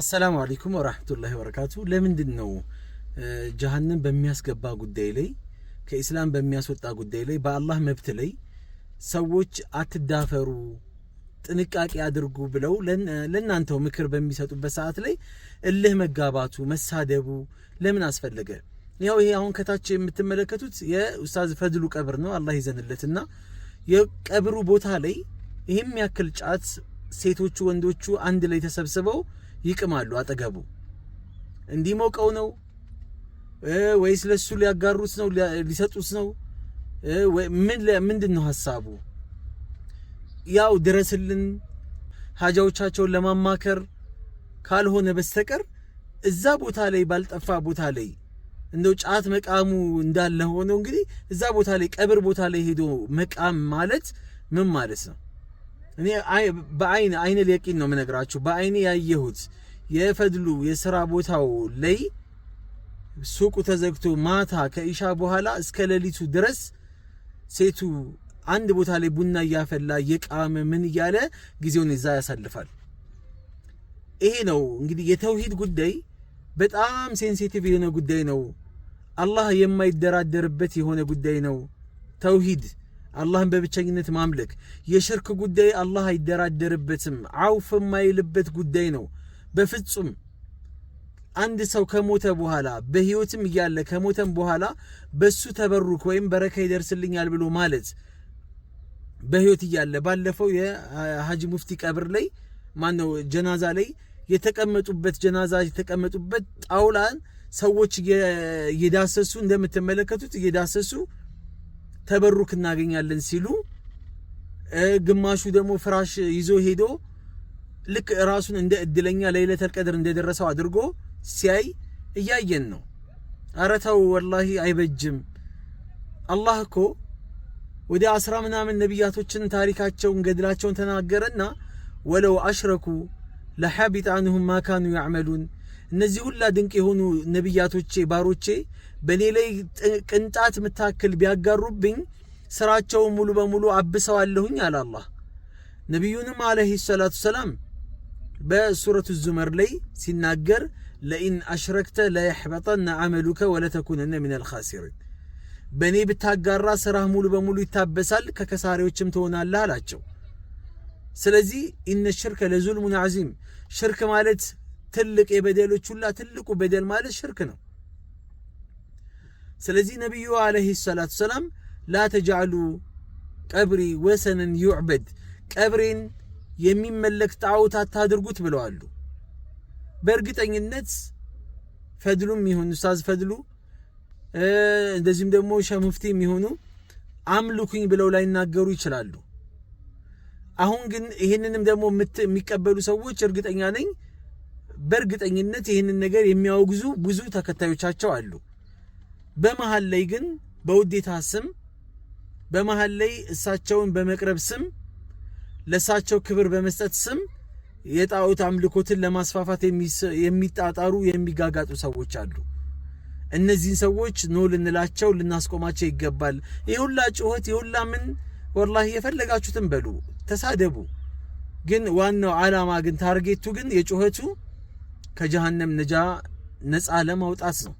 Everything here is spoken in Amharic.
አሰላሙ አለይኩም ወራህመቱላሂ ወበረካቱ። ለምንድን ነው ጀሀነም በሚያስገባ ጉዳይ ላይ ከኢስላም በሚያስወጣ ጉዳይ ላይ በአላህ መብት ላይ ሰዎች አትዳፈሩ፣ ጥንቃቄ አድርጉ ብለው ለእናንተው ምክር በሚሰጡበት ሰዓት ላይ እልህ መጋባቱ፣ መሳደቡ ለምን አስፈለገ? ያው ይሄ አሁን ከታች የምትመለከቱት የኡስታዝ ፈድሉ ቀብር ነው፣ አላህ ይዘንለትና የቀብሩ ቦታ ላይ ይህም ያክል ጫት ሴቶቹ ወንዶቹ አንድ ላይ ተሰብስበው ይቅማሉ አጠገቡ። እንዲሞቀው ነው ወይስ ለሱ ሊያጋሩት ነው ሊሰጡት ነው? ምንድን ነው ሀሳቡ? ያው ድረስልን ሀጃዎቻቸውን ለማማከር ካልሆነ በስተቀር እዛ ቦታ ላይ ባልጠፋ ቦታ ላይ እንደው ጫት መቃሙ እንዳለ ሆነው እንግዲህ እዛ ቦታ ላይ ቀብር ቦታ ላይ ሄዶ መቃም ማለት ምን ማለት ነው? እኔ በአይን አይን ሊያቂን ነው የምነግራችሁ። በአይኔ ያየሁት የፈድሉ የስራ ቦታው ላይ ሱቁ ተዘግቶ ማታ ከኢሻ በኋላ እስከ ሌሊቱ ድረስ ሴቱ አንድ ቦታ ላይ ቡና እያፈላ የቃመ ምን እያለ ጊዜውን እዛ ያሳልፋል። ይሄ ነው እንግዲህ የተውሂድ ጉዳይ በጣም ሴንሲቲቭ የሆነ ጉዳይ ነው። አላህ የማይደራደርበት የሆነ ጉዳይ ነው ተውሂድ አላህን በብቸኝነት ማምለክ የሽርክ ጉዳይ አላህ አይደራደርበትም። አውፍ የማይልበት ጉዳይ ነው በፍጹም። አንድ ሰው ከሞተ በኋላ በህይወትም እያለ ከሞተም በኋላ በሱ ተበሩክ ወይም በረካ ይደርስልኛል ብሎ ማለት በህይወት እያለ ባለፈው የሀጂ ሙፍቲ ቀብር ላይ ማነው ጀናዛ ላይ የተቀመጡበት ጀናዛ የተቀመጡበት ጣውላን ሰዎች እየዳሰሱ እንደምትመለከቱት እየዳሰሱ ተበሩክ እናገኛለን ሲሉ፣ ግማሹ ደግሞ ፍራሽ ይዞ ሄዶ ልክ ራሱን እንደ እድለኛ ለይለተል ቀድር እንደደረሰው አድርጎ ሲያይ እያየን ነው። ኧረ ተው ወላሂ አይበጅም። አላህ እኮ ወደ አስራ ምናምን ነቢያቶችን ታሪካቸውን ገድላቸውን ተናገረና ወለው አሽረኩ ለሐቢጠ አንሁም ማካኑ ያዕመሉን እነዚህ ሁላ ድንቅ የሆኑ ነቢያቶቼ ባሮቼ በእኔ ላይ ቅንጣት ምታክል ቢያጋሩብኝ ስራቸውን ሙሉ በሙሉ አብሰዋለሁኝ አለ አላህ። ነቢዩንም አለህ ሰላቱ ሰላም በሱረቱ ዙመር ላይ ሲናገር ለኢን አሽረክተ ለየሕበጠነ አመሉከ ወለተኩነነ ምን አልኻሲሪን በእኔ ብታጋራ ስራህ ሙሉ በሙሉ ይታበሳል፣ ከከሳሪዎችም ትሆናለህ አላቸው። ስለዚህ ኢነ ሽርከ ለዙልሙን ዓዚም ሽርክ ማለት ትልቅ የበደሎች ሁላ ትልቁ በደል ማለት ሽርክ ነው። ስለዚህ ነቢዩ አለይሂ ሰላቱ ሰላም ላ ተጃሉ ቀብሪ ወሰንን ዩዕበድ ቀብሬን የሚመለክ ጣዖት አታድርጉት ብለዋሉ። በእርግጠኝነት ፈድሉም ይሁን ኡስታዝ ፈድሉ እንደዚሁም ደግሞ ሸህ ሙፍቲ የሚሆኑ አምልኩኝ ብለው ላይናገሩ ይችላሉ። አሁን ግን ይህንንም ደግሞ የሚቀበሉ ሰዎች እርግጠኛ ነኝ በእርግጠኝነት ይህንን ነገር የሚያወግዙ ብዙ ተከታዮቻቸው አሉ። በመሀል ላይ ግን በውዴታ ስም በመሀል ላይ እሳቸውን በመቅረብ ስም ለእሳቸው ክብር በመስጠት ስም የጣዖት አምልኮትን ለማስፋፋት የሚጣጣሩ የሚጋጋጡ ሰዎች አሉ። እነዚህን ሰዎች ኖ ልንላቸው ልናስቆማቸው ይገባል። የሁላ ጩኸት የሁላ ምን ወላሂ የፈለጋችሁትን በሉ፣ ተሳደቡ። ግን ዋናው ዓላማ ግን ታርጌቱ ግን የጩኸቱ ከጀሃነም ነጃ ነፃ ለማውጣት ነው።